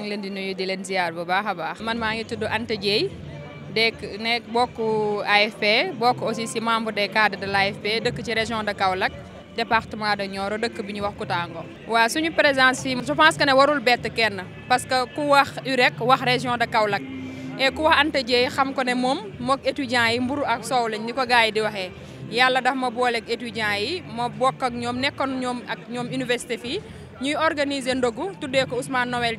maa leen di nuyu di leen ziar bu baax a baax. man maa ngi tudd Anta Dieye dégg nekk bokk AFP bokk aussi si membre de cadres de la l'AFP dëkk ci région de Kaolack département de Nioro dëkk bi ñu wax Koutango. waa suñu présence fii je pense que ne warul bett kenn parce que ku wax UREK wax région de Kaolack et ku wax Anta Dieye xam ko ne moom mook étudiants yi mburu ak soow lañ ni ko gars yi di waxee. yàlla daf ma booleek étudiants yi ma bokk ak ñoom nekkoon ñoom ak ñoom université fii ñuy organiser ndogu tuddee ko Ousmane Noël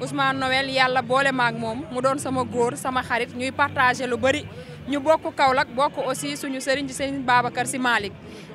Ousmane Noël yàlla boole maak moom mu doon sama góor sama xarit ñuy partagé lu bëri ñu bokk Kaolack bokk aussi suñu sëriñ ci sëriñ Babacar Si Malick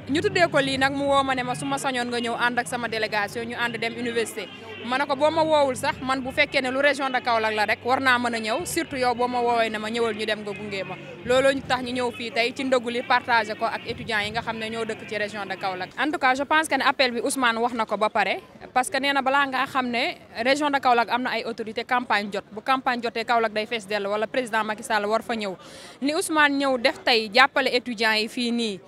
ñu tuddee ko lii nag mu woo ma ne ma su ma sañoon nga ñëw ànd ak sama délégation ñu ànd dem université ma ne ko boo ma woowul sax man bu fekkee ne lu région de Kaolack la rek war naa mën a ñëw surtout yow boo ma woowee ne ma ñëwal ñu dem nga gunge ma looloo ñu tax ñu ñëw fii tey ci ndogu li partagé ko ak étudiants yi nga xam ne ñoo dëkk ci région de Kaolack en tout cas je pense que ne appel bi Ousmane wax na ko ba pare parce que nee bala balaa ngaa xam ne région de Kaolack am na ay autorité campagne jot bu campagne jotee Kaolack day fees dell wala président Macky Sall war fa ñëw ni Ousmane ñëw def tey jàppale étudiants yi fii nii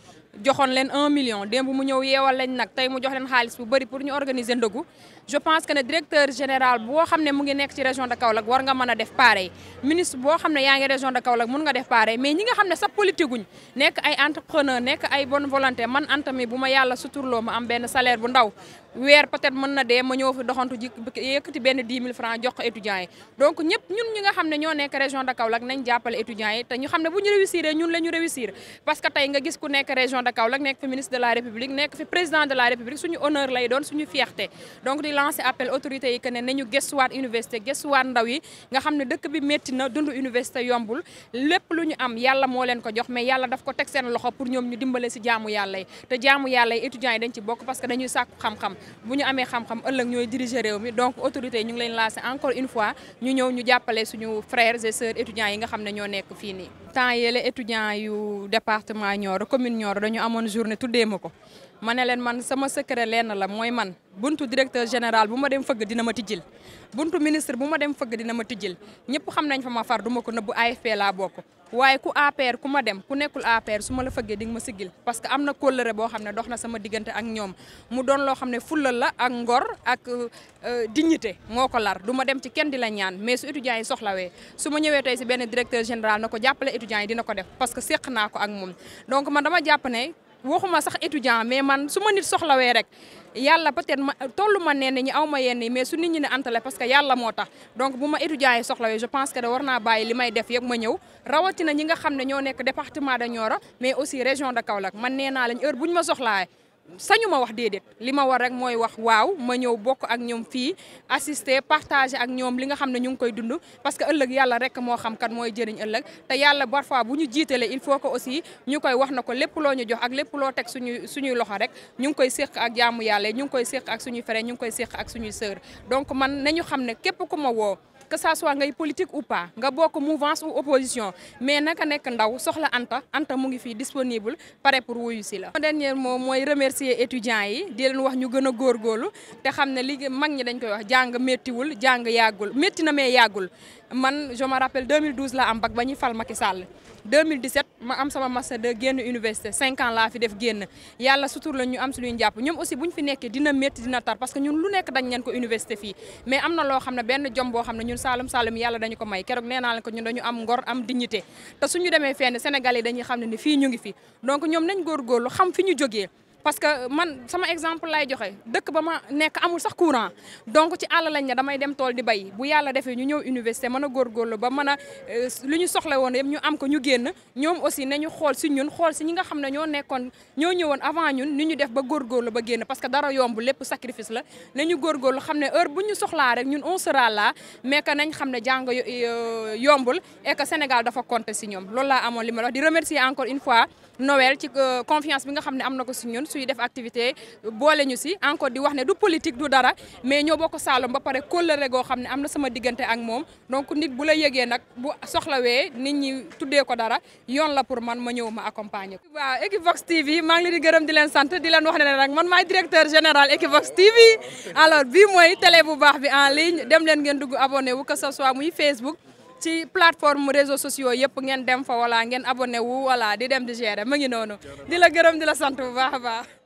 joxoon leen un million démb mu ñëw yeewal lañ nag tey mu jox leen xaalis bu bëri pour ñu organiser ndëggu je pense que ne directeur général boo xam ne mu ngi nekk ci région de Kaolack war nga mën def pareil ministre boo xam ne yaa ngi région de Kaolack mun nga def pareil mais ñi nga xam ne sax politique guñ nekk ay entrepreneur nekk ay bonne volonté man antami bu ma yàlla suturloo ma am benn salaire bu ndaw weer peut-être mën na dee ma ñëw fi doxantu ji région de Kaolack nekk fi ministre de la République nekk fi président de la République suñu honneur lay doon suñu fierté donc di lancer appel autorités yi que ne nañu gëstuwaat université gëstuwaat ndaw yi nga xam ne dëkk bi métti na dund université yombul lépp lu ñu am yàlla moo leen ko jox mais yàlla daf ko teg seen loxo pour ñoom ñu dimbale si jaamu yàlla yi te jaamu yàlla yi étudiants yi dañ ci bokk parce que dañuy sàkku xam-xam bu ñu amee xam-xam ñooy diriger réew mi donc autorités yi ñu ngi leen lancer encore une fois ñu ñëw ñu jàppale suñu frères yi nga xam ne ñoo nekk fii nii temps yële étudiants yu département Nioro commune Nioro dañu amoon journée tuddee ma ko ma leen man sama secret na la mooy man buntu directeur général bu ma dem fëgg dina ma tijjil buntu ministre bu ma dem fëgg dina ma tijjil ñëpp xam nañ fa ma far du ma ko nëbbu AFP la bokk waaye ku APR ku ma dem ku nekkul APR su ma la fëggee di nga ma siggil parce que am na kóllëre boo xam ne dox na sama diggante ak ñoom mu doon loo xam ne fullal la ak ngor ak euh, dignité moo ko lar du ma dem ci kenn di la ñaan mais su étudiants yi soxlawee su ma ñëwee tey si benn directeur général na ko jàppale étudiants yi dina ko def parce que séq naa ko ak moom donc man dama jàpp ne waxuma sax étudiant mais man su ma nit soxlawee rek yàlla peut-être ma tollu ma nee na ñi aw ma yenn yi mais su nit ñi ne antale parce que yàlla moo tax donc bu ma étudiant yi soxlawee je pense que da war naa bàyyi li may def yëpp ma ñëw rawatina ñi nga xam ne ñoo nekk département de Nioro mais aussi région de Kaolack man nee naa lañ heure bu ma soxlaa sañu ma wax déedéet li ma war rek mooy wax waaw ma ñëw bokk ak ñoom fii assister partage ak ñoom li nga xam ne ñu ngi koy dund parce que ëllëg yàlla rek moo xam kat mooy jëriñ ëllëg te yàlla parfois bu ñu jiitalee il faut que aussi ñu koy wax na ko lépp loo ñu jox ak lépp loo teg suñuy suñuy loxo rek ñu ngi koy séq ak jaamu yàlla ñu ngi koy séq ak suñuy frère ñu ngi koy séq ak suñuy sœur donc man nañu xam ne képp ku ma woo que ça soit ngay politique ou pas nga bokk mouvance ou opposition mais naka nekk ndaw soxla Anta Anta mu ngi fii disponible pare pour wuyu si la. dernier moom mooy remercier étudiants yi di leen wax ñu gën a góorgóorlu te xam ne li mag ñi dañ koy wax jàng méttiwul jàng yàggul métti na mais yàggul. man je me rappelle 2012 la am bac ba ñuy fal Macky Sall 2017 ma am sama master de génn université 5 ans laa fi def génn yàlla sutur la ñu am si lu ñu jàpp ñoom aussi bu ñu fi nekkee dina métti dina tar parce que ñun lu nekk dañ leen ko université fii mais am na loo xam ne benn jom boo xam ne ñun Saalum Saalum yàlla dañu ko may keroog nee naa leen ko ñun dañu am ngor am dignité te suñu demee fenn Sénégal yi xam ne ni fii ñu ngi fi donc ñoom nañ góorgóorlu xam fi ñu jógee parce que man sama exemple lay joxe dëkk ba ma nekk amul sax courant donc ci àll lañ ne damay dem tool di bay bu yàlla defee ñu ñëw université mën a góorgóorlu ba man a euh, lu ñu soxla woon ñu am ko ñu génn ñoom aussi nañu xool si ñun xool si ñi nga xam ne ñoo nekkoon ñoo ñëwoon avant ñun ni ñu def ba góorgóorlu ba génn parce que dara yomb lépp sacrifice la nañu góorgóorlu xam ne heure bu ñu soxlaa rek ñun on sera là mais que nañ xam ne jàng euh, yombul et que Sénégal dafa compter si ñoom loolu laa amoon li ma wax di remercier encore une fois Noël ci euh, confiance bi nga xam ne am na ko si ñun suy def activité boole ñu si encore di wax ne du politique du dara mais ñoo bokk Saalum ba pare kóllëre goo xam ne am na sama diggante ak moom donc nit bu la yëgee nag bu soxlawee nit ñi tuddee ko dara yoon la pour man ma ñëw ma accompagner ko. waaw Equivox TV maa ngi leen di gërëm di leen sant di leen wax ne nag man maay directeur général Equivox TV alors bi mooy tele bu baax bi en ligne dem leen ngeen dugg abonné wu que ce soit muy Facebook. ci plateforme réseaux sociaux yëpp ngeen dem fa wala ngeen abonné wu wala di dem di gérer ma ngi noonu di la gërëm di la sant bu baax a